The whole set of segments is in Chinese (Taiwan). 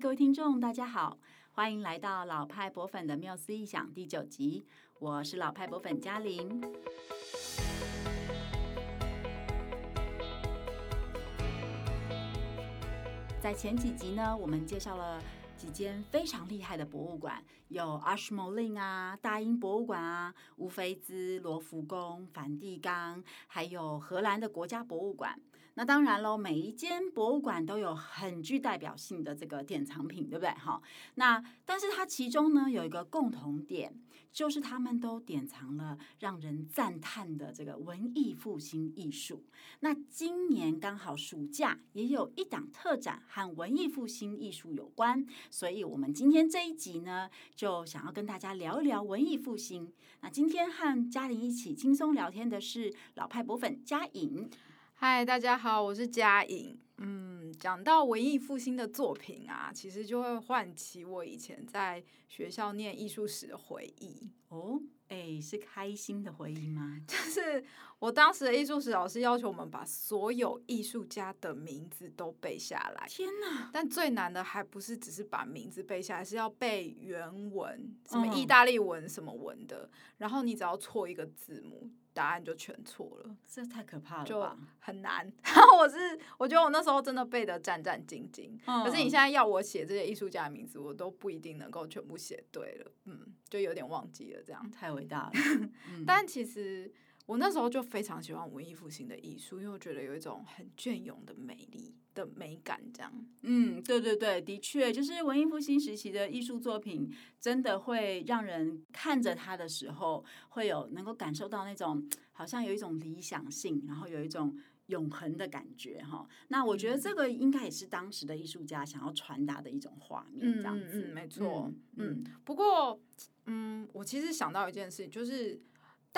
各位聽眾，大家好，歡迎來到老派博粉的繆斯異想第九集。我是老派博粉嘉玲。在前幾集呢，我們介紹了幾間非常厲害的博物館，有阿什莫林啊、大英博物館啊、烏菲茲、羅浮宮、梵蒂岡，還有荷蘭的國家博物館。那當然嘍，每一間博物館都有很具代表性的這個典藏品，對不對？哈，那但是它其中呢，有一個共同點，就是他們都典藏了讓人讚嘆的這個文藝復興藝術。那今年剛好暑假也有一檔特展和文藝復興藝術有關，所以我們今天這一集呢，就想要跟大家聊一聊文藝復興。那今天和嘉玲一起輕鬆聊天的是老派博粉嘉穎。嗨，Hi, 大家好，我是佳穎。嗯，講到文藝復興的作品啊，其實就會喚起我以前在學校念藝術史的回憶。哦，哎，是開心的回憶嗎？就是我當時的藝術史老師要求我們把所有藝術家的名字都背下來。天哪！但最難的還不是只是把名字背下來，是要背原文，什麼意大利文，什麼文的。哦，然後你只要錯一個字母，答案就全錯了，這太可怕了吧！就很難。然 後我是，我覺得我那時候真的背得戰戰兢兢。哦、可是你現在要我寫這些藝術家的名字，我都不一定能夠全部寫對了。嗯，就有點忘記了，這樣太偉大了。 嗯、但其實。我那時候就非常喜歡文藝復興的藝術，因為我覺得有一種很雋永的美麗的美感，這樣。嗯，對對對，的確，就是文藝復興時期的藝術作品，真的會讓人看着它的時候，嗯、會有能夠感受到那種好像有一種理想性，然後有一種永恆的感覺哈。那我覺得這個應該也是當時的藝術家想要傳達的一種畫面，這樣子。沒錯、嗯，嗯。嗯嗯嗯，不過，嗯，我其實想到一件事情，就是。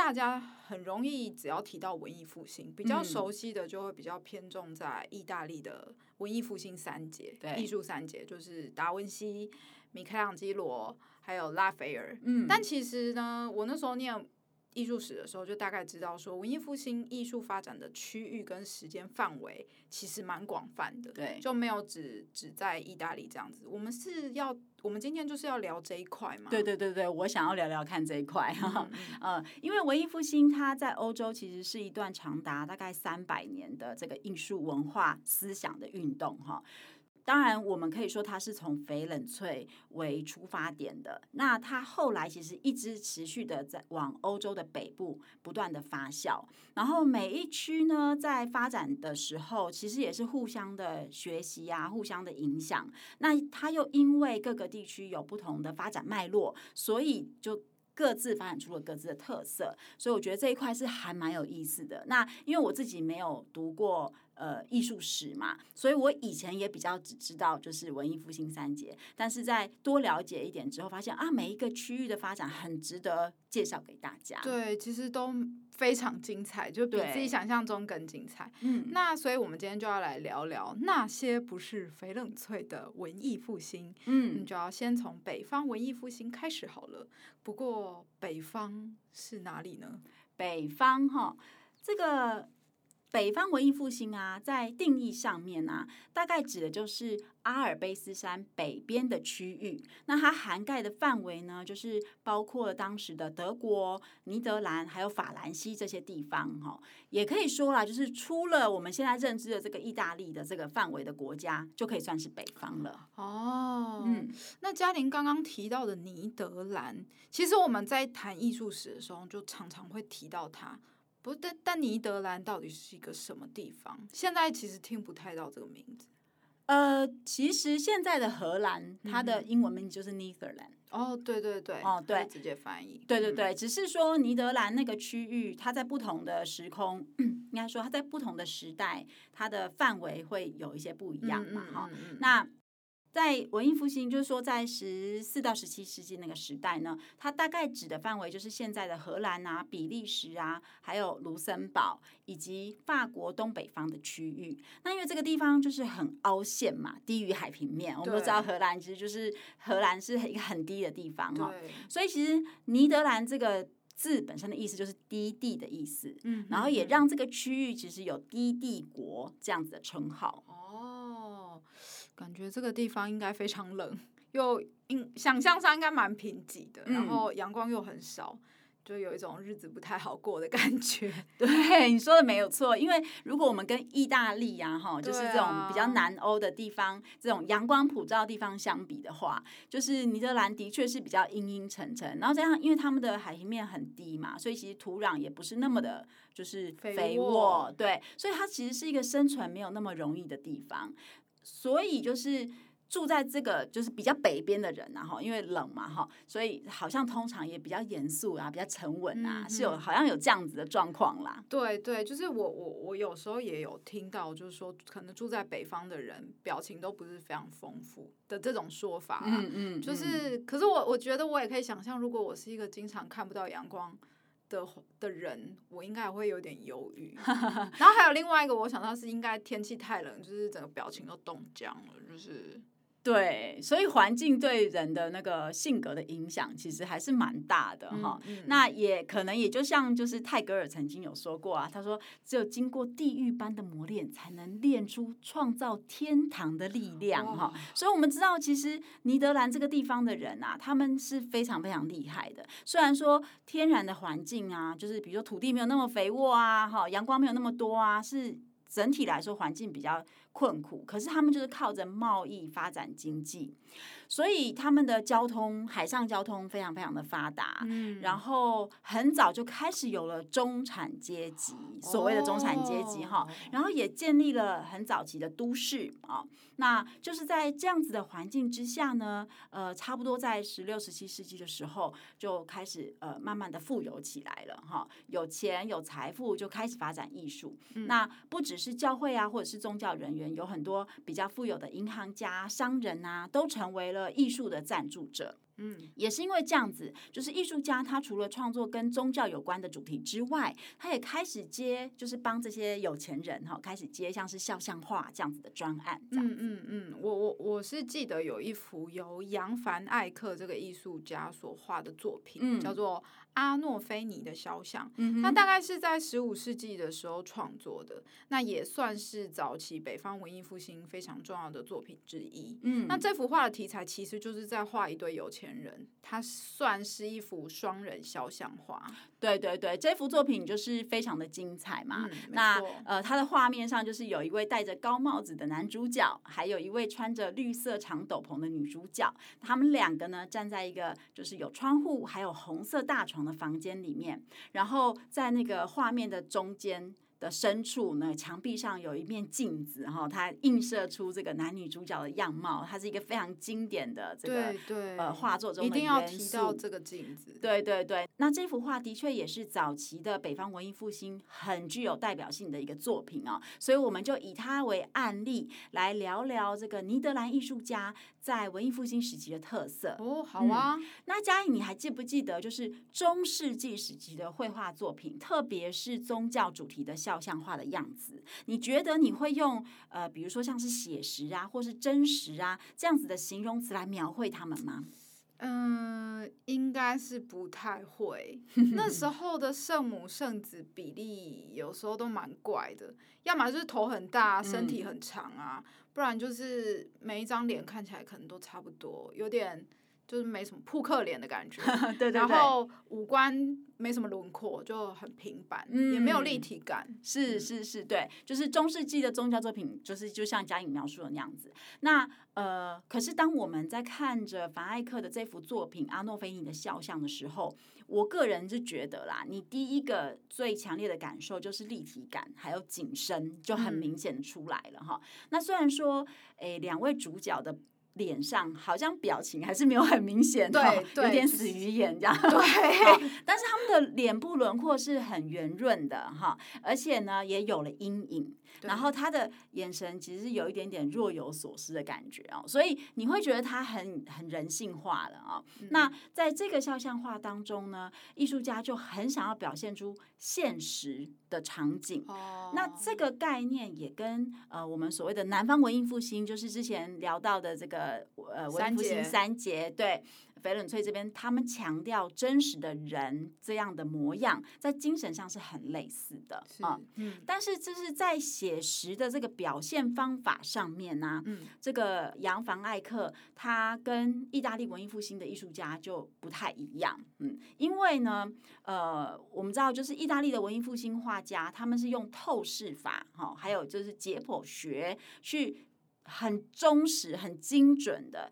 大家很容易，只要提到文藝復興，比較熟悉的就會比較偏重在意大利的文藝復興三杰，藝術、嗯、三傑就是達文西、米開朗基羅還有拉斐爾。嗯，但其實呢，我那時候念。藝術史的時候，就大概知道說文藝復興藝術發展的區域跟時間範圍其實蠻廣泛的，對，就沒有只只在意大利這樣子。我們是要，我們今天就是要聊這一塊嘛？對對對對，我想要聊聊看這一塊哈，嗯，嗯，因為文藝復興它在歐洲其實是一段長達大概三百年的這個藝術文化思想的運動哈。當然，我們可以說它是從翡冷翠為出發點的。那它後來其實一直持續的在往歐洲的北部不斷的發酵，然後每一區呢，在發展的時候，其實也是互相的學習呀、啊，互相的影響。那它又因為各個地區有不同的發展脈絡，所以就各自發展出了各自的特色。所以我覺得這一塊是還蠻有意思的。那因為我自己沒有讀過。呃，藝術史嘛，所以我以前也比較只知道就是文藝復興三傑，但是再多了解一點之後，發現啊，每一個區域的發展很值得介紹給大家。對，其實都非常精彩，就比自己想象中更精彩。嗯對，那所以我們今天就要來聊聊那些不是翡冷翠的文藝復興。嗯，你就要先從北方文藝復興開始好了。不過北方是哪裡呢？北方哈，這個。北方文藝復興啊，在定義上面啊，大概指的就是阿爾卑斯山北邊的區域。那它涵蓋的範圍呢，就是包括了當時的德國、尼德蘭，還有法蘭西這些地方喔。哈，也可以說啦，就是除了我們現在認知的這個意大利的這個範圍的國家，就可以算是北方了。哦，嗯，那嘉玲剛剛提到的尼德蘭，其實我們在談藝術史的時候，就常常會提到它。不，但但尼德蘭到底是一個什麼地方？現在其實聽不太到這個名字。呃，其實現在的荷蘭，它的英文名字就是 Netherlands。嗯。哦，對對對，哦對，直接翻譯。對，對對對，嗯、只是說尼德蘭那個區域，它在不同的時空，應該說它在不同的時代，它的範圍會有一些不一樣嘛？哈、嗯嗯嗯，那。在文藝復興，就是說在十四到十七世紀那個時代呢，它大概指的範圍就是現在的荷蘭啊、比利時啊，還有盧森堡以及法國東北方的區域。那因為這個地方就是很凹陷嘛，低於海平面。我們都知道荷蘭其實就是荷蘭是一個很低的地方哦，對所以其實“尼德蘭”這個字本身的意思就是低地的意思。嗯哼哼，然後也讓這個區域其實有低地國這樣子的稱號。哦。感覺這個地方應該非常冷，又應想象上應該蠻貧瘠的，嗯、然後陽光又很少，就有一種日子不太好過的感覺。對，你說的沒有錯，因為如果我們跟意大利呀、啊，哈，就是這種比較南歐的地方，啊、這種陽光普照的地方相比的話，就是尼德蘭的確是比較陰陰沉沉，然後加上因為他們的海平面很低嘛，所以其實土壤也不是那麼的，就是肥沃。肥沃，對，所以它其實是一個生存沒有那麼容易的地方。所以就是住在這個就是比較北邊的人啊，然後因為冷嘛哈，所以好像通常也比較嚴肅啊，比較沉穩啊，嗯嗯是有好像有這樣子的狀況啦。對，對對，就是我我我有時候也有聽到，就是說可能住在北方的人表情都不是非常豐富的這種說法啊。嗯，嗯，嗯，就是可是我我覺得我也可以想象，如果我是一個經常看不到陽光。的的人，我應該會有點猶豫。 然後還有另外一個，我想到是應該天氣太冷，就是整個表情都凍僵了，就是。對，所以環境對人的那個性格的影響，其實還是蠻大的哈。嗯嗯、那也可能也就像就是泰戈爾曾經有說過啊，他說只有經過地獄般的磨練，才能練出創造天堂的力量哈、嗯哦。所以我們知道，其實尼德蘭這個地方的人啊，他們是非常非常厲害的。雖然說天然的環境啊，就是比如說土地沒有那麼肥沃啊，哈、哦，陽光沒有那麼多啊，是整體來說環境比較。困苦，可是他們就是靠着貿易發展經濟，所以他們的交通，海上交通非常非常的發達，嗯，然後很早就開始有了中產階級，哦、所謂的中產階級哈，哦、然後也建立了很早期的都市、哦、那就是在這樣子的環境之下呢，呃，差不多在十六、十七世紀的時候就開始呃，慢慢的富有起來了哈、哦，有錢有財富就開始發展藝術，嗯、那不只是教會啊，或者是宗教人員。有很多比較富有的銀行家、商人啊，都成為了藝術的贊助者。嗯，也是因為這樣子，就是藝術家他除了創作跟宗教有關的主題之外，他也開始接，就是幫這些有錢人哈，開始接像是肖像畫這樣子的專案這樣嗯。嗯嗯嗯，我我我是記得有一幅由楊凡艾克這個藝術家所畫的作品，嗯、叫做阿諾菲尼的肖像。嗯，那大概是在十五世紀的時候創作的，嗯、那也算是早期北方文藝復興非常重要的作品之一。嗯，那這幅畫的題材其實就是在畫一對有錢人人，他算是一幅雙人肖像畫。對對對，這幅作品就是非常的精彩嘛。嗯、那沒錯，呃，他的畫面上就是有一位戴着高帽子的男主角，還有一位穿着綠色長斗篷的女主角。他們兩個呢，站在一個就是有窗戶還有紅色大床的房間裡面。然後在那個畫面的中間，的深處呢，牆壁上有一面鏡子，哈、哦，它映射出這個男女主角的樣貌。它是一個非常經典的這個對對對呃畫作中的元素。一定要提到這個鏡子。對對對，那這幅畫的確也是早期的北方文藝復興很具有代表性的一個作品哦。所以我們就以它為案例來聊聊這個尼德蘭藝術家在文藝復興時期的特色哦。好啊，嗯、那嘉穎，你還記不記得，就是中世紀時期的繪畫作品，特別是宗教主題的像。照相畫的樣子，你覺得你會用呃，比如說像是寫實啊，或是真實啊這樣子的形容詞來描繪他們嗎？嗯、呃，應該是不太會。那時候的聖母聖子比例有時候都蠻怪的，要麼就是頭很大，身體很長啊，嗯、不然就是每一張臉看起來可能都差不多，有點。就是沒什麼撲克臉的感覺， 對對對，然後五官沒什麼輪廓，就很平板，嗯、也沒有立體感。是是是，對，就是中世紀的宗教作品、就是，就是就像嘉穎描述的那樣子。那呃，可是當我們在看着凡艾克的這幅作品《阿諾菲尼的肖像》的時候，我個人是覺得啦，你第一個最強烈的感受就是立體感，還有景深就很明顯出來了哈。嗯、那雖然說，誒，兩位主角的。臉上好像表情還是沒有很明顯的、哦對，對，有點死魚眼這樣。就是、對，但是他們的臉部輪廓是很圓潤的哈，而且呢也有了陰影，對然後他的眼神其實是有一點點若有所思的感覺哦，所以你會覺得他很很人性化的啊。嗯、那在這個肖像畫當中呢，藝術家就很想要表現出現實的場景哦。那這個概念也跟呃我們所謂的南方文藝復興，就是之前聊到的這個。呃呃，文藝復興三傑節對，翡冷翠這邊他們強調真實的人這樣的模樣，在精神上是很類似的啊。是嗯，嗯，但是就是在寫實的這個表現方法上面呢、啊，嗯，這個揚凡艾克他跟意大利文藝復興的藝術家就不太一樣，嗯，因為呢，呃，我們知道就是意大利的文藝復興畫家他們是用透視法，哈、哦，還有就是解剖學去。很忠實、很精準的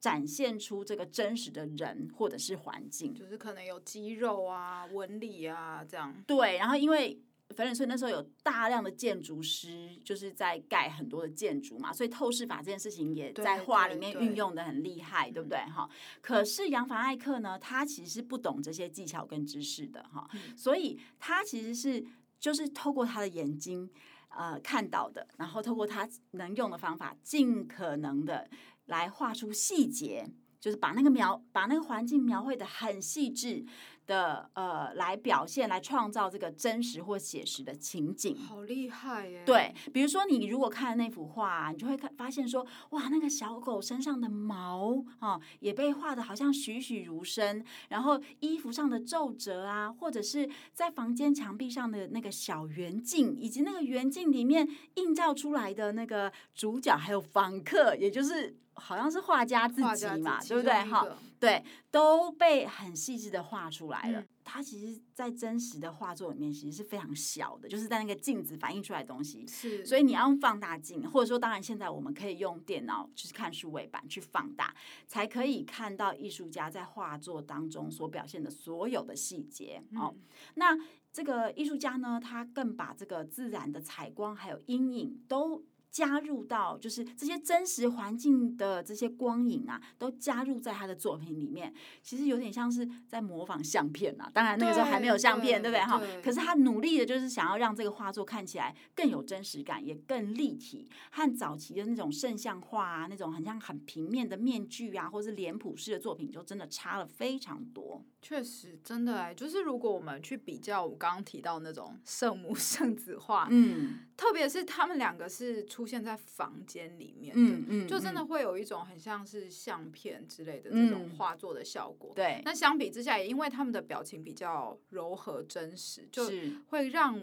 展現出這個真實的人或者是環境，就是可能有肌肉啊、紋理啊這樣。對，然後因為翡冷翠那時候有大量的建築師就是在蓋很多的建築嘛，所以透視法這件事情也在畫裡面運用得很厲害，對，對，對，對不對？哈、嗯。可是楊凡艾克呢，他其實是不懂這些技巧跟知識的哈，嗯、所以他其實是就是透過他的眼睛。呃，看到的，然後透過他能用的方法，盡可能的來畫出細節，就是把那個描，把那個環境描繪得很細緻。的呃，、來表現、來創造這個真實或寫實的情景。好厲害耶！對，比如說你如果看了那幅畫，啊，你就會看發現說，哇，那個小狗身上的毛啊，哦，也被畫得好像栩栩如生，然後衣服上的皺褶啊，或者是在房間牆壁上的那個小圓鏡，以及那個圓鏡裡面映照出來的那個主角，還有房客，也就是。好像是畫家自己嘛，己對不對？哈，對，都被很細緻的畫出來了。嗯、它其實，在真實的畫作裡面，其實是非常小的，就是在那個鏡子反映出來的東西。是，所以你要用放大鏡，或者說，當然現在我們可以用電腦，就是看數位版去放大，才可以看到藝術家在畫作當中所表現的所有的細節。嗯、哦，那這個藝術家呢，他更把這個自然的採光還有陰影都。加入到就是這些真實環境的這些光影啊，都加入在他的作品裡面，其實有點像是在模仿相片啊。當然那個時候還沒有相片，對不對哈？對吧？對。可是他努力的就是想要讓這個畫作看起來更有真實感，也更立體，和早期的那種聖像畫啊，那種很像很平面的面具啊，或是臉譜式的作品，就真的差了非常多。確實，真的哎，就是如果我們去比較，我剛剛提到的那種聖母聖子畫，嗯，特別是他們兩個是出現在房間裡面的，嗯，嗯，就真的會有一種很像是相片之類的這種畫作的效果。對，嗯，那相比之下，也因為他們的表情比較柔和真實，就是會讓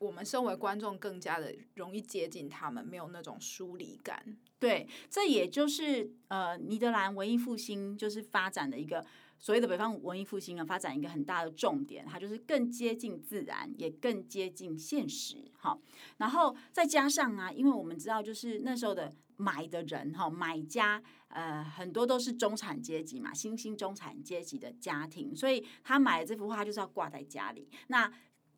我們身為觀眾更加的容易接近他們，沒有那種疏離感。對，這也就是呃，尼德蘭文藝復興就是發展的一個。所謂的北方文藝復興啊，發展一個很大的重點，它就是更接近自然，也更接近現實，哈。然後再加上啊，因為我們知道，就是那時候的買的人哈，買家呃，很多都是中產階級嘛，新興中產階級的家庭，所以他買的這幅畫就是要掛在家裡，那。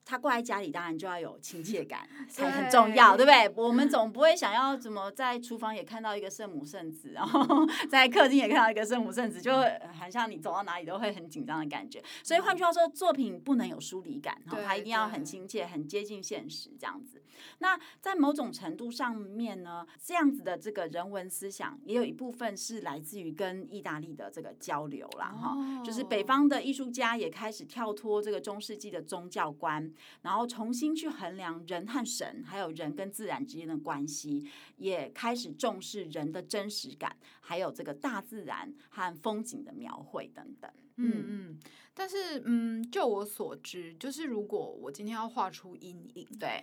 他掛在家裡，當然就要有親切感，才很重要，對，對不對？我們總不會想要怎麼在廚房也看到一個聖母聖子，然後在客廳也看到一個聖母聖子，就會很像你走到哪裡都會很緊張的感覺。所以換句話說，作品不能有疏離感，然後它一定要很親切、很接近現實，這樣子。那在某種程度上面呢，這樣子的這個人文思想也有一部分是來自於跟意大利的這個交流啦，哈，oh. 就是北方的藝術家也開始跳脫這個中世紀的宗教觀，然後重新去衡量人和神，還有人跟自然之間的關係，也開始重視人的真實感，還有這個大自然和風景的描繪等等。嗯嗯，但是嗯，就我所知，就是如果我今天要畫出陰影，對。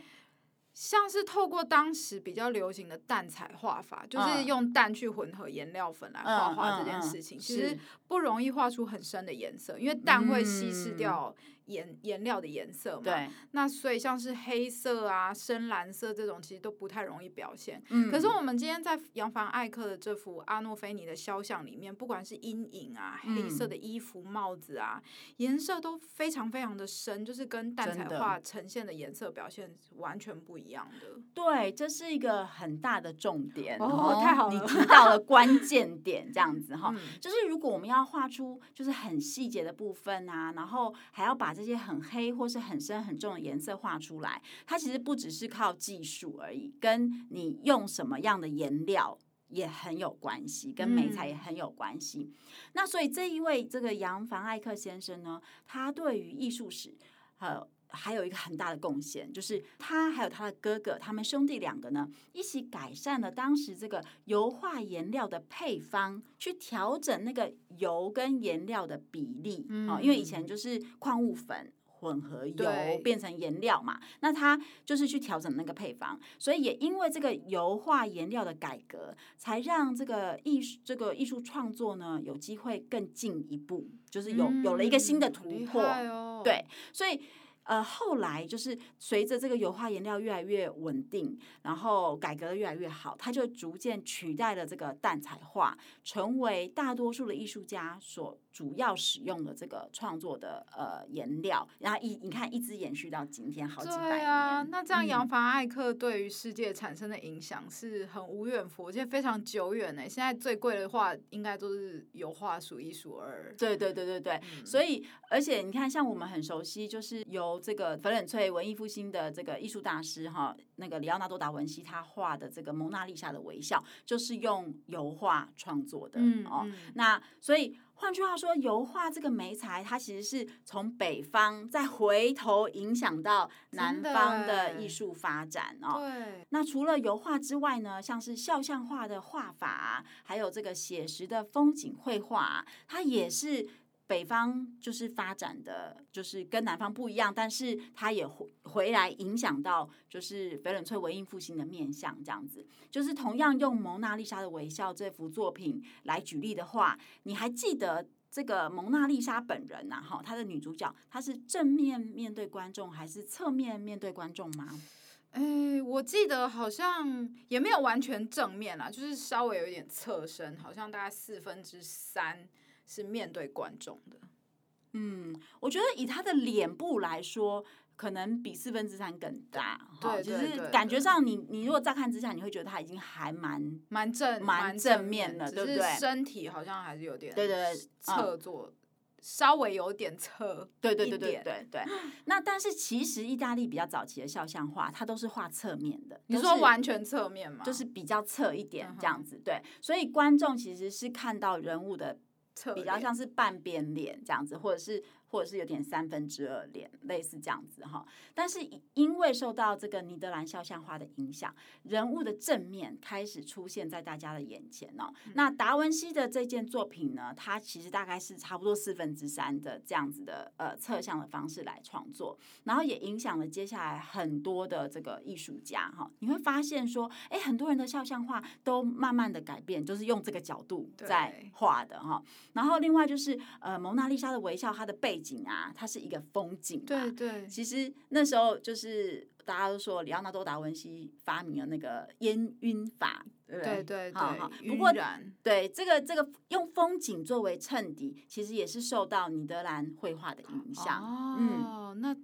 像是透過當時比較流行的蛋彩畫法，就是用蛋去混合顏料粉來畫畫這件事情，嗯嗯嗯嗯、其實不容易畫出很深的顏色，因為蛋會稀釋掉。顏顏料的顏色嘛，對那所以像是黑色啊、深藍色這種，其實都不太容易表現。嗯、可是我們今天在揚凡艾克的這幅阿諾菲尼的肖像裡面，不管是陰影啊、嗯、黑色的衣服、帽子啊，顏色都非常非常的深，就是跟蛋彩畫呈現的顏色表現完全不一樣的。真的。對，這是一個很大的重點哦，哦，太好了，你知道了關鍵點 這樣子哈，嗯、就是如果我們要畫出就是很細節的部分啊，然後還要把。這些很黑或是很深很重的顏色畫出來，它其實不只是靠技術而已，跟你用什麼樣的顏料也很有關係，跟媒材也很有關係。嗯、那所以這一位這個揚凡艾克先生呢，他對於藝術史，和、呃還有一個很大的貢獻，就是他還有他的哥哥，他們兄弟兩個呢，一起改善了當時這個油畫顏料的配方，去調整那個油跟顏料的比例。嗯、哦，因為以前就是礦物粉混合油變成顏料嘛，對那他就是去調整那個配方，所以也因為這個油畫顏料的改革，才讓這個藝術這個藝術創作呢，有機會更進一步，就是有有了一個新的突破。嗯哦、對，所以。呃，後來就是隨着這個油畫顏料越來越穩定，然後改革的越來越好，它就逐漸取代了這個蛋彩畫，成為大多數的藝術家所。主要使用的這個創作的呃顏料，然後一你看一直延續到今天好幾百年啊！那這樣，揚凡艾克對於世界產生的影響是很無遠弗屆，嗯、而且非常久遠呢。現在最貴的畫應該都是油畫數一數二。對對對對對。嗯、所以，而且你看，像我們很熟悉，就是由這個翡冷翠文藝復興的這個藝術大師哈、哦，那個里奧納多達文西他畫的這個《蒙娜麗莎》的微笑，就是用油畫創作的哦。嗯嗯、那所以。換句話說，油畫這個媒材，它其實是從北方再回頭影響到南方的藝術發展哦、喔。對，那除了油畫之外呢，像是肖像畫的畫法啊，還有這個寫實的風景繪畫啊，它也是。北方就是發展的，就是跟南方不一樣，但是它也回回來影響到，就是翡冷翠文藝復興的面向這樣子。就是同樣用《蒙娜麗莎的微笑》這幅作品來舉例的話，你還記得這個蒙娜麗莎本人吶？哈，她的女主角，她是正面面對觀眾，還是側面面對觀眾嗎？哎、欸，我記得好像也沒有完全正面啦，就是稍微有一點側身，好像大概四分之三。是面對觀眾的，嗯，我覺得以他的臉部來說，可能比四分之三更大，對，就是感覺上，你你如果再看之下，你會覺得他已經還蠻蠻正蠻正面的，對不對？身體好像還是有點，對對對，側坐稍微有點側，對對對對對對。那但是其實意大利比較早期的肖像畫，它都是畫側面的。你說完全側面嗎？就是比較側一點這樣子，對。所以觀眾其實是看到人物的。比較像是半邊臉這樣子，或者是。或者是有點三分之二臉，類似這樣子哈。但是因為受到這個尼德蘭肖像畫的影響，人物的正面開始出現在大家的眼前哦。嗯、那達文西的這件作品呢，它其實大概是差不多四分之三的這樣子的呃側向的方式來創作，然後也影響了接下來很多的這個藝術家哈。你會發現說，哎，很多人的肖像畫都慢慢的改變，就是用這個角度在畫的哈。對然後另外就是呃，蒙娜麗莎的微笑，她的背。景啊，它是一個風景嘛。對對。其實那時候就是大家都說，里奧納多·達·文西發明了那個煙暈法，對對對，對對。好好，暈染。不過，對這個這個用風景作為襯底，其實也是受到尼德蘭繪畫的影響。哦，嗯、那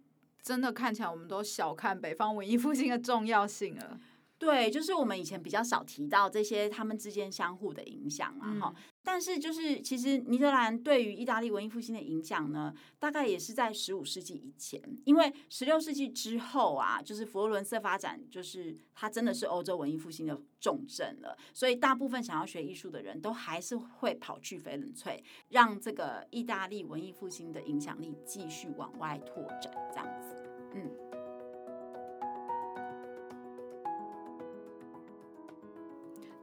真的看起來，我們都小看北方文藝復興的重要性了。對，就是我們以前比較少提到這些，他們之間相互的影響啊，哈、嗯。但是，就是其實，尼德蘭對於意大利文藝復興的影響呢，大概也是在十五世紀以前。因為十六世紀之後啊，就是佛羅倫斯發展，就是它真的是歐洲文藝復興的重鎮，了。所以，大部分想要學藝術的人都還是會跑去翡冷翠，讓這個意大利文藝復興的影響力繼續往外拓展，這樣子。嗯。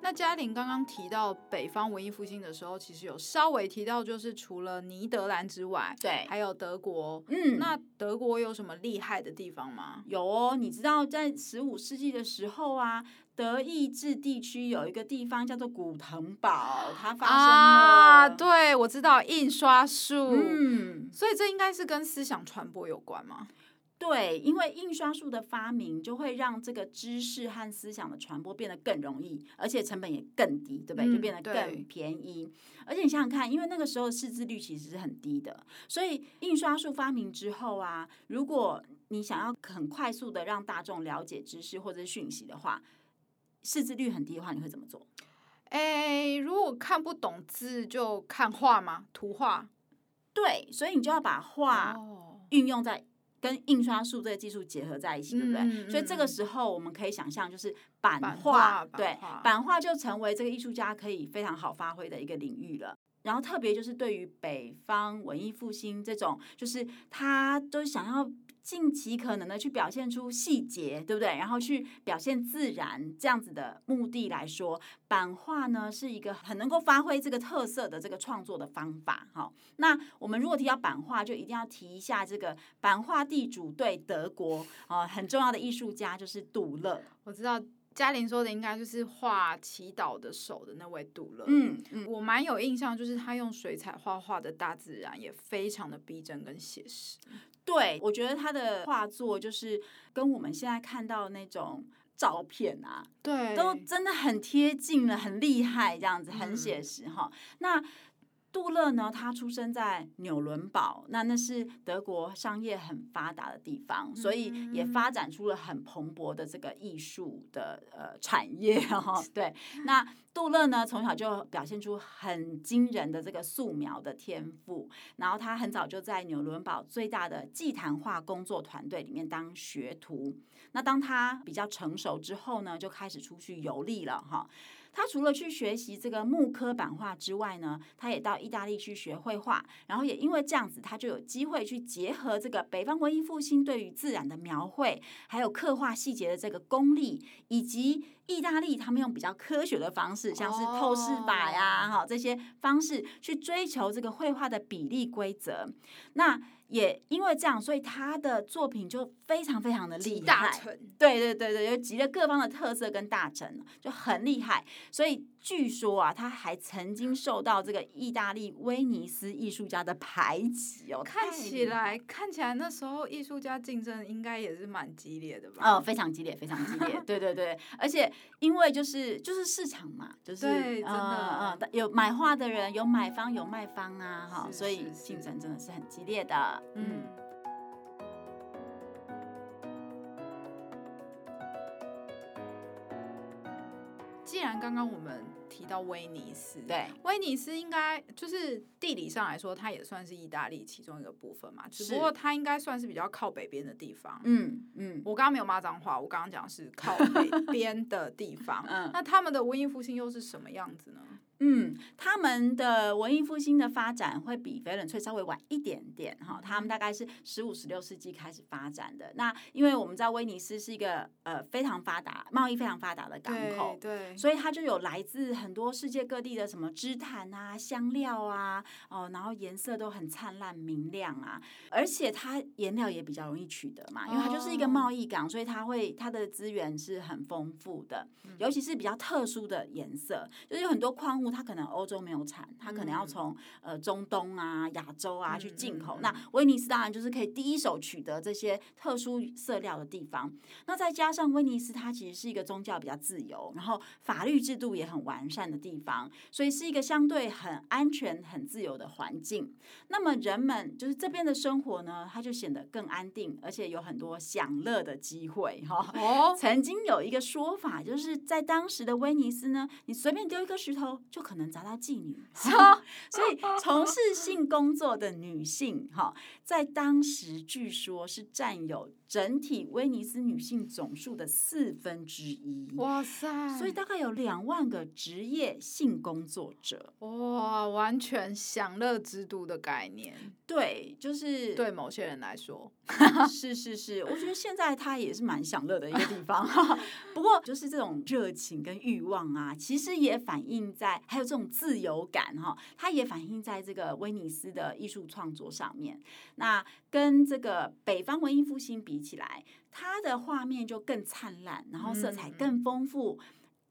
那嘉玲剛剛提到北方文藝復興的時候，其實有稍微提到，就是除了尼德蘭之外，對，還有德國。嗯，那德國有什麼厲害的地方嗎？有哦，你知道在十五世紀的時候啊，德意志地區有一個地方叫做古騰堡，它發生了。啊，對，我知道印刷術，嗯，所以這應該是跟思想傳播有關嗎？對，因為印刷術的發明，就會讓這個知識和思想的傳播變得更容易，而且成本也更低，對不對？嗯、就變得更便宜。對而且你想想看，因為那個時候識字率其實是很低的，所以印刷術發明之後啊，如果你想要很快速的讓大眾了解知識或者是訊息的話，識字率很低的話，你會怎麼做？哎，如果看不懂字，就看畫嗎？圖畫。對，所以你就要把畫運用在、哦。跟印刷術這個技術結合在一起，對不對？嗯嗯、所以這個時候，我們可以想象，就是版畫，版畫對版畫，版畫就成為這個藝術家可以非常好發揮的一個領域了。然後，特別就是對於北方文藝復興這種，就是他都想要。盡其可能的去表現出細節，對不對？然後去表現自然這樣子的目的來說，版畫呢是一個很能夠發揮這個特色的這個創作的方法。好，那我們如果提到版畫，就一定要提一下這個版畫地主對德國啊很重要的藝術家就是杜勒。我知道嘉玲說的應該就是畫祈禱的手的那位杜勒。嗯嗯，我蠻有印象，就是他用水彩畫畫的大自然也非常的逼真跟寫實。對，我覺得他的畫作就是跟我們現在看到的那種照片啊，對，都真的很貼近了，很厲害，這樣子，很寫實哈。嗯、那。杜勒呢，他出生在紐倫堡，那那是德國商業很發達的地方，所以也發展出了很蓬勃的這個藝術的呃產業哈。對，那杜勒呢，從小就表現出很驚人的這個素描的天賦，然後他很早就在紐倫堡最大的祭壇畫工作團隊裡面當學徒。那當他比較成熟之後呢，就開始出去遊歷了哈。他除了去學習這個木刻版畫之外呢，他也到意大利去學繪畫，然後也因為這樣子，他就有機會去結合這個北方文藝復興對於自然的描繪，還有刻畫細節的這個功力，以及。意大利，他們用比較科學的方式，像是透視法呀、啊，哈、oh. 這些方式去追求這個繪畫的比例規則。那也因為這樣，所以他的作品就非常非常的厲害。對對對對，就集了各方的特色跟大成，就很厲害。所以。據說啊，他還曾經受到這個意大利威尼斯藝術家的排擠哦。看起來，看起來那時候藝術家競爭應該也是蠻激烈的吧？哦、呃，非常激烈，非常激烈， 對對對。而且因為就是就是市場嘛，就是對、呃、真的、呃、有買畫的人，有買方有賣方啊，哈，所以競爭真的是很激烈的，嗯。既然剛剛我們提到威尼斯，對，威尼斯應該就是地理上來說，它也算是意大利其中一個部分嘛，是只不過它應該算是比較靠北邊的地方。嗯嗯，嗯我剛剛沒有罵髒話，我剛剛講是靠北邊的地方。 那他們的文藝復興又是什麼樣子呢？嗯，他們的文藝復興的發展會比翡冷翠稍微晚一點點哈，他們大概是十五、十六世紀開始發展的。那因為我們知道威尼斯是一個呃非常發達、貿易非常發達的港口，對，對，所以它就有來自很多世界各地的什麼織毯啊、香料啊，哦，然後顏色都很燦爛明亮啊，而且它顏料也比較容易取得嘛，因為它就是一個貿易港，所以它會它的資源是很豐富的，尤其是比較特殊的顏色，就是有很多礦物。它可能歐洲沒有產，它可能要從呃中東啊、亞洲啊去進口。嗯、那威尼斯當然就是可以第一手取得這些特殊色料的地方。那再加上威尼斯，它其實是一個宗教比較自由，然後法律制度也很完善的地方，所以是一個相對很安全、很自由的環境。那麼人們就是這邊的生活呢，它就顯得更安定，而且有很多享樂的機會。哈、哦，曾經有一個說法，就是在當時的威尼斯呢，你隨便丟一個石頭就。可能砸到妓女，啊、 所以從事性工作的女性，哈，在當時據說是占有整體威尼斯女性總數的四分之一，哇塞！所以大概有兩萬個職業性工作者，哇，完全享樂之都的概念。對，就是對某些人來說，是是是。 我覺得現在她也是蠻享樂的一個地方， 不過就是這種熱情跟欲望啊，其實也反映在還有這種自由感哈，它也反映在這個威尼斯的藝術創作上面。那。跟這個北方文藝復興比起來，它的畫面就更燦爛，然後色彩更豐富，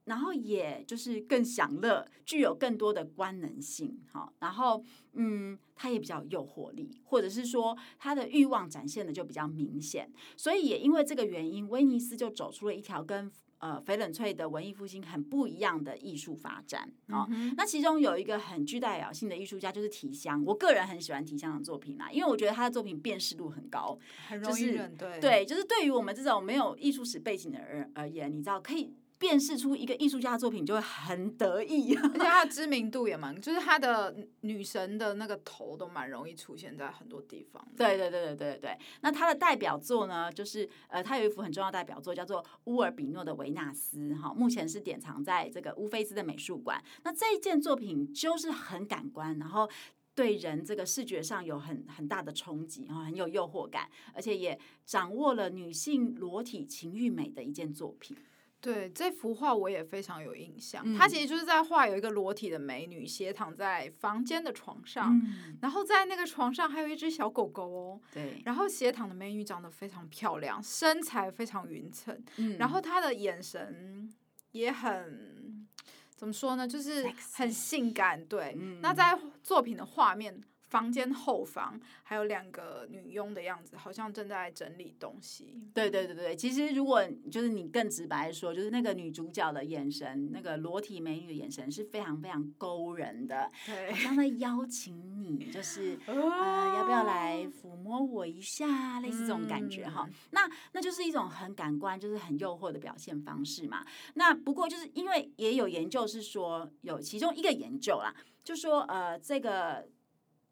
然後也就是更享樂，具有更多的官能性，好，然後嗯，它也比較有誘惑力，或者是說它的慾望展現的就比較明顯，所以也因為這個原因，威尼斯就走出了一條跟。呃，翡冷翠的文藝復興很不一樣的藝術發展啊、嗯哼哦。那其中有一個很具代表性的藝術家就是提香，我個人很喜歡提香的作品啦、啊，因為我覺得他的作品辨識度很高，很容易認。就是、對，對，就是對於我們這種沒有藝術史背景的人而言，你知道可以。辨識出一個藝術家的作品就會很得意，而且他的知名度也蠻，就是他的女神的那個頭都蠻容易出現在很多地方。 對，對,對對對對對對。那他的代表作呢，就是呃，他有一幅很重要的代表作叫做烏爾比諾的維納斯，哈、哦，目前是典藏在這個烏菲茲的美術館。那這一件作品就是很感官，然後對人這個視覺上有很很大的衝擊哈，很有誘惑感，而且也掌握了女性裸體情欲美的一件作品。對這幅畫我也非常有印象，它、嗯、其實就是在畫有一個裸體的美女斜躺在房間的床上，嗯、然後在那個床上還有一隻小狗狗哦。對，然後斜躺的美女長得非常漂亮，身材非常勻稱，嗯、然後她的眼神也很怎麼說呢？就是很性感。對，嗯、那在作品的畫面。房間後方，還有兩個女傭的樣子，好像正在整理東西。對對對對，其實如果就是你更直白說，就是那個女主角的眼神，那個裸體美女的眼神是非常非常勾人的，對好像在邀請你，就是、哦、呃，要不要來撫摸我一下，類似這種感覺哈。嗯、那那就是一種很感官，就是很誘惑的表現方式嘛。那不過就是因為也有研究是說，有其中一個研究啦，就說呃這個。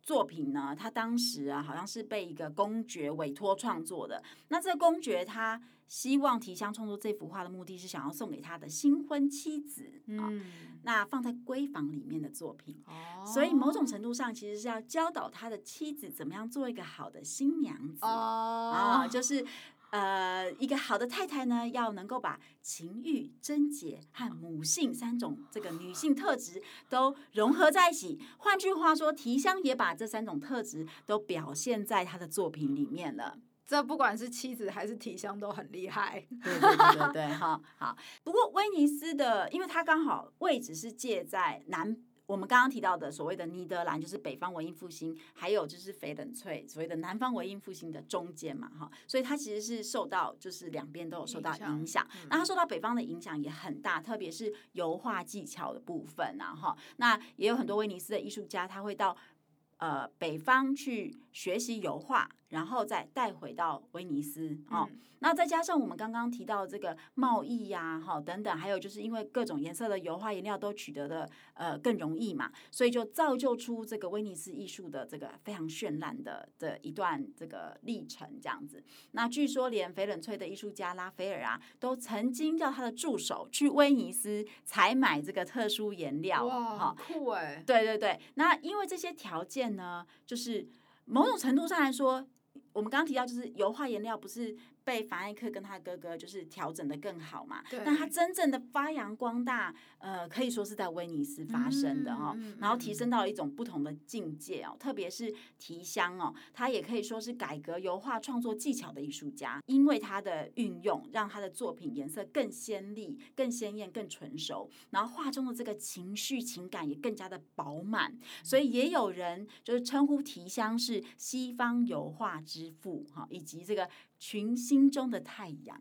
作品呢，他當時啊，好像是被一個公爵委托創作的。那這個公爵他希望提香創作這幅畫的目的是想要送給他的新婚妻子啊、嗯哦，那放在閨房裡面的作品。哦，所以某種程度上其實是要教導他的妻子怎麼樣做一個好的新娘子。哦，就是。呃，一個好的太太呢，要能夠把情慾、貞潔和母性三種這個女性特質都融合在一起。換句話說，提香也把這三種特質都表現在他的作品裡面了。這不管是妻子還是提香都很厲害， 對對對對哈。好，不過威尼斯的，因為它剛好位置是借在南。我們剛剛提到的所謂的尼德蘭，就是北方文藝復興，還有就是翡冷翠，所謂的南方文藝復興的中間嘛，哈，所以它其實是受到就是兩邊都有受到影響。嗯、那它受到北方的影響也很大，特別是油畫技巧的部分啊，哈，那也有很多威尼斯的藝術家他會到呃北方去學習油畫。然後再帶回到威尼斯、嗯、哦，那再加上我們剛剛提到這個貿易呀，啊、哈，哦、等等，還有就是因為各種顏色的油畫顏料都取得的呃更容易嘛，所以就造就出這個威尼斯藝術的這個非常絢爛的的一段這個歷程這樣子。那據說連翡冷翠的藝術家拉斐爾啊，都曾經叫他的助手去威尼斯採買這個特殊顏料。哇，哦，好酷哎、欸！對對對，那因為這些條件呢，就是某種程度上來說。我們剛剛提到，就是油畫顏料不是被凡艾克跟他哥哥就是調整得更好嘛。對。那他真正的發揚光大，呃，可以說是在威尼斯發生的哦。嗯嗯嗯，然後提升到了一種不同的境界哦，特別是提香哦，他也可以說是改革油畫創作技巧的藝術家，因為他的運用讓他的作品顏色更鮮麗、更鮮豔、更純熟，然後畫中的這個情緒情感也更加的飽滿。所以也有人就是稱呼提香是西方油畫之父哈，哦，以及這個。群星中的太陽，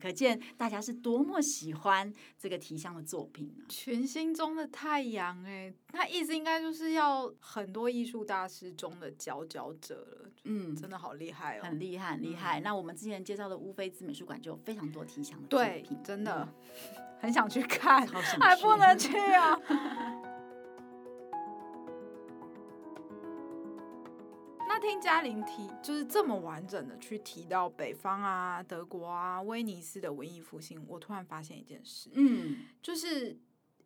可見大家是多麼喜歡這個提香的作品。啊、群星中的太陽。欸，哎，那意思應該就是要很多藝術大師中的佼佼者了。嗯，真的好厲害哦，嗯、很厲害，很厲害。嗯、那我們之前介紹的烏菲茲美術館就有非常多提香的作品，真的，嗯、很想去看，還不能去啊。 聽嘉玲提，就是這麼完整的去提到北方啊、德國啊、威尼斯的文藝復興，我突然發現一件事，嗯，就是。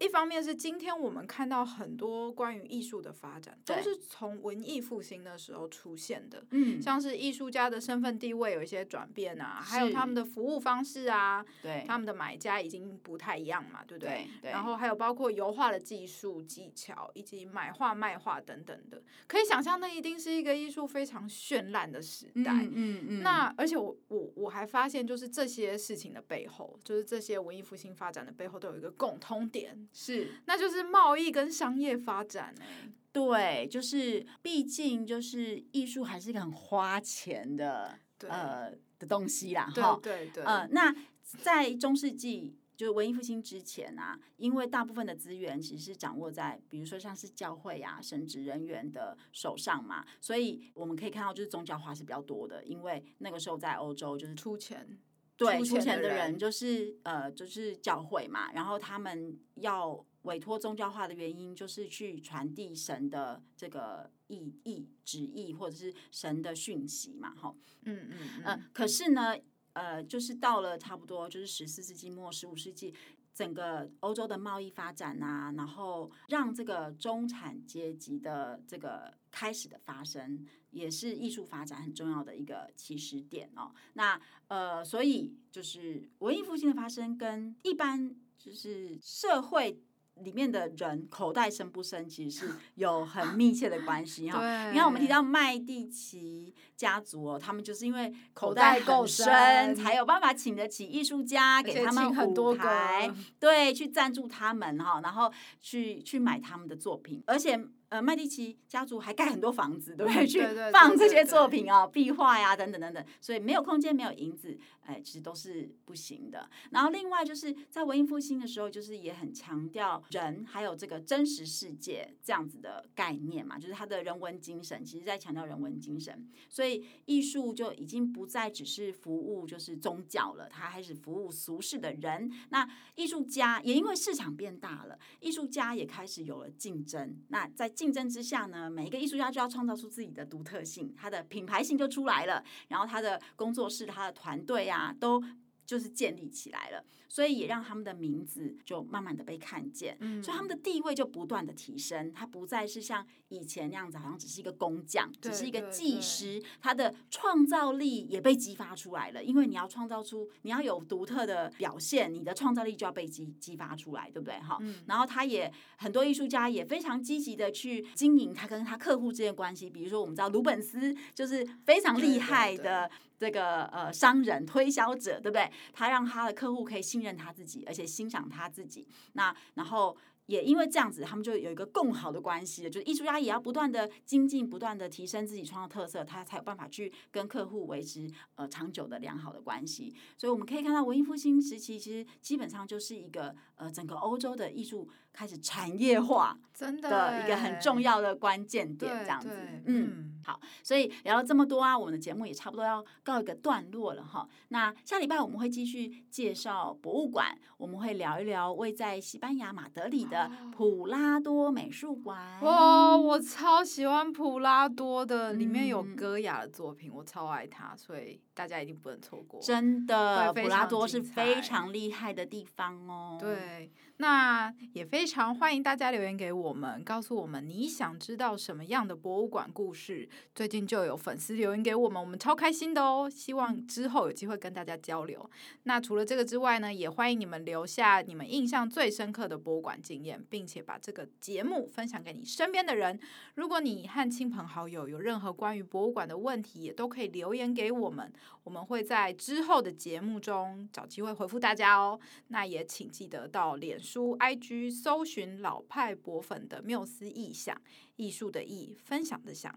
一方面是今天我們看到很多關於藝術的發展，都是從文藝復興的時候出現的，嗯對，像是藝術家的身份地位有一些轉變啊，是還有他們的服務方式啊，對，他們的買家已經不太一樣嘛，對不對？對，對，然後還有包括油畫的技術技巧，以及買畫賣畫等等的，可以想象那一定是一個藝術非常絢爛的時代，嗯嗯，嗯嗯。那而且我我我還發現，就是這些事情的背後，就是這些文藝復興發展的背後都有一個共通點。是，那就是貿易跟商業發展哎、欸，對，就是畢竟就是藝術還是一個很花錢的，對呃的東西啦，哈，對，對對，呃，那在中世紀，就是文藝復興之前啊，因為大部分的資源其實掌握在比如說像是教會啊、神職人員的手上嘛，所以我們可以看到就是宗教化是比較多的，因為那個時候在歐洲就是出錢。付對出錢的，的人就是呃，就是教會嘛，然後他們要委托宗教化的原因就是去傳遞神的這個意義、旨意，旨意或者是神的訊息嘛，吼、嗯，嗯嗯嗯、呃，可是呢，呃，就是到了差不多就是十四世紀末十五世紀。整個歐洲的貿易發展啊，然後讓這個中產階級的這個開始的發生，也是藝術發展很重要的一個起始點哦。那呃，所以就是文藝復興的發生跟一般就是社會。裡面的人口袋深不深，其實是有很密切的關係哈。你看 對，因為我們提到麥地奇家族哦、喔，他們就是因為口袋夠深，深才有辦法請得起藝術家，給他們很多舞台，對，去贊助他們哈、喔，然後去去買他們的作品，而且。呃，麥蒂奇家族還蓋很多房子，對不對？去放這些作品啊，對對對對對壁畫呀、啊，等等等等。所以沒有空間，沒有銀子，哎、呃，其實都是不行的。然後另外就是在文藝復興的時候，就是也很強調人還有這個真實世界這樣子的概念嘛，就是他的人文精神，其實在強調人文精神。所以藝術就已經不再只是服務就是宗教了，他開始服務俗世的人。那藝術家也因為市場變大了，藝術家也開始有了競爭。那在競爭之下呢，每一個藝術家就要創造出自己的獨特性，他的品牌性就出來了。然後他的工作室，他的團隊呀、啊，都。就是建立起來了，所以也讓他們的名字就慢慢的被看見，嗯、所以他們的地位就不斷的提升。他不再是像以前那樣子，好像只是一個工匠，對只是一個技師。他的創造力也被激發出來了，因為你要創造出，你要有獨特的表現，你的創造力就要被激激發出來，對不對？哈、嗯。然後他也很多藝術家也非常積極的去經營他跟他客戶之間的關係。比如說，我們知道魯本斯就是非常厲害的。這個呃商人、推銷者，對不對？他讓他的客戶可以信任他自己，而且欣賞他自己。那然後也因為這樣子，他們就有一個更好的關係。就是藝術家也要不斷的精進，不斷的提升自己創造特色，他才有辦法去跟客戶維持呃長久的良好的關係。所以我們可以看到，文藝復興時期其實基本上就是一個呃整個歐洲的藝術。開始產業化，真的一個很重要的關鍵點，這樣子，嗯，好，所以聊了這麼多啊，我們的節目也差不多要告一個段落了哈。那下禮拜我們會繼續介紹博物館，我們會聊一聊位在西班牙馬德里的普拉多美術館。哇，我超喜歡普拉多的，裡面有戈雅的作品，我超愛他，所以大家一定不能錯過。真的，普拉多是非常厲害的地方哦。對。那也非常歡迎大家留言給我們，告訴我們你想知道什麼樣的博物館故事。最近就有粉絲留言給我們，我們超開心的哦！希望之後有機會跟大家交流。那除了這個之外呢，也歡迎你們留下你們印象最深刻的博物館經驗，並且把這個節目分享給你身邊的人。如果你和親朋好友有任何關於博物館的問題，也都可以留言給我們，我們會在之後的節目中找機會回覆大家哦。那也請記得到臉書。書 I G 搜尋老派博粉的繆斯意想，藝術的意、分享的想，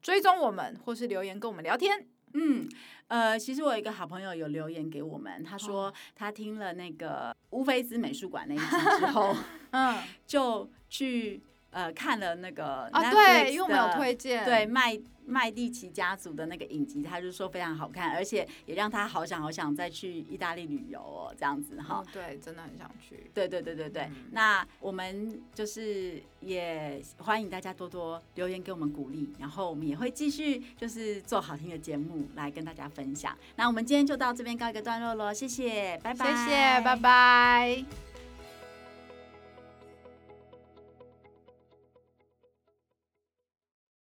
追蹤我們或是留言跟我們聊天。嗯，呃，其實我有一個好朋友有留言給我們，他說他聽了那個烏菲茲美術館那一集之後，哇 嗯，就去呃看了那個啊，對，因為我們有推薦，對賣麥蒂奇家族的那個影集，他就說非常好看，而且也讓他好想好想再去意大利旅遊哦，這樣子哈、哦。對，真的很想去。對對對對對，嗯、那我們就是也歡迎大家多多留言給我們鼓勵，然後我們也會繼續就是做好聽的節目來跟大家分享。那我們今天就到這邊告一個段落咯，謝謝，拜拜，謝謝，拜拜。